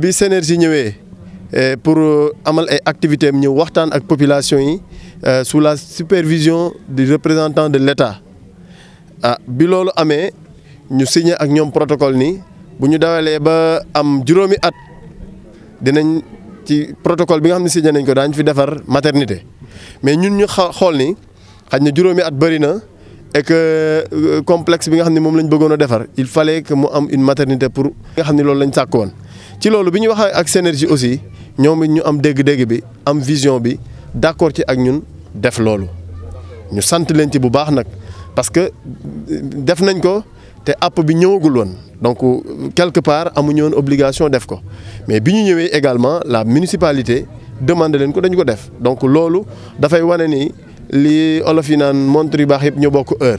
bi Sénergie ñëwee eh, pour euh, amal ay activités am ñëw waxtaan ak population yi euh, sous la supervision du représentant de l'État ah bi lolu amé ñu signé ak ñom protocole ni bu ñu dawalee ba am juróomi at dinañ ci protocole bi nga xamni signé nañ ko dañ fi defar maternité mais ñun ñu xol ni xaj na at bari na et que euh, complexe bi nga xamni mom lañ bëggono a il fallait que mu am une maternité pour nga xamni lolu lañ sàkk woon ci nous biñu wax ak aussi Nous ñu am am vision bi d'accord ci ak ñun def ñu leen ci parce que euh, def nañ ko té app bi donc quelque part avons une obligation def ko mais également la municipalité demande leen ko ko donc nous fay ni li olof montre yu heure.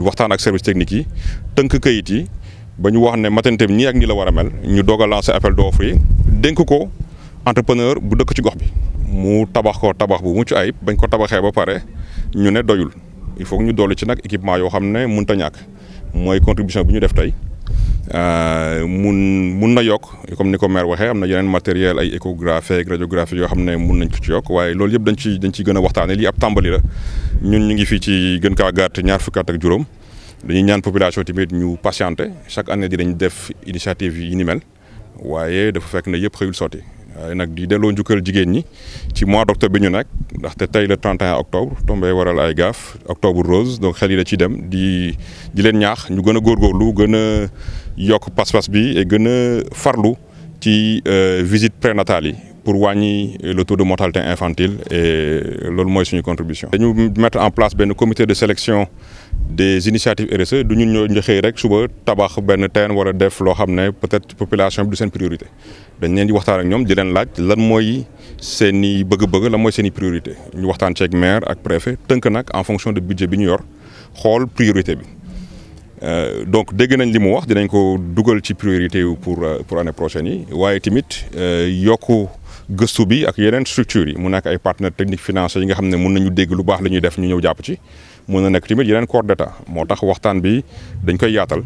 waxtaan ak service technique yi tënk këyit yi ba ñu wax ne matente ñii ak ñi la war mel ñu doog lancer appel d' yi dénk ko entrepreneur bu dëkk ci gox bi mu tabax ko tabax bu mucc ayib bañ ko tabaxee ba pare ñu ne doyul il faut que ñu dolli ci nag équipement yoo xam ne mënta ñàkk mooy contribution bi ñu def tey Euh, mun mun na yokk comme ni ko maire waxee am na yeneen matériel ay échographie ak radiographie yoo xam ne mun nañ ko ci yokk waaye loolu yëpp dañ ci dañ ciy gën a waxtaane lii ab tàmbali la ñun ñu ngi fii ci gën kaa gàtt ñaar fukkat ak juróom dañuy ñaan population tamit ñu patienté chaque année di dinañ def initiative yi ni mel waaye dafa fekk na yëpp xëyul sotti waaye nag di delloo njukkal jigéen ñi ci mois d' octobre bi ñu nekk ndaxte tey le 31 octobre tombé waral ay gaaf octobre rose donc xel yi la ciy dem di di leen ñaax ñu gën a góorgóorlu gën a yokk pas-pas bi et gën a farlu ci euh, visite nataal yi. pour gagner le taux de mortalité infantile et le contribution. Nous mettons en place un comité de sélection des initiatives RSE nous dire que rek suba peut-être population priorité Ben di waxtaan ak priorité maire préfet en fonction de budget bi ñu yor nous priorité bi. Euh, donc nous nañ li priorité pour euh, pour l'année prochaine gëstu bi ak yeneen structure yi mu nekk ay partenaire technique financier yi nga xam ne mun nañu dégg lu baax la ñuy def ñu ñëw jàpp ci mun na nekk tamit yeneen corps d' état moo bi dañ koy yaatal.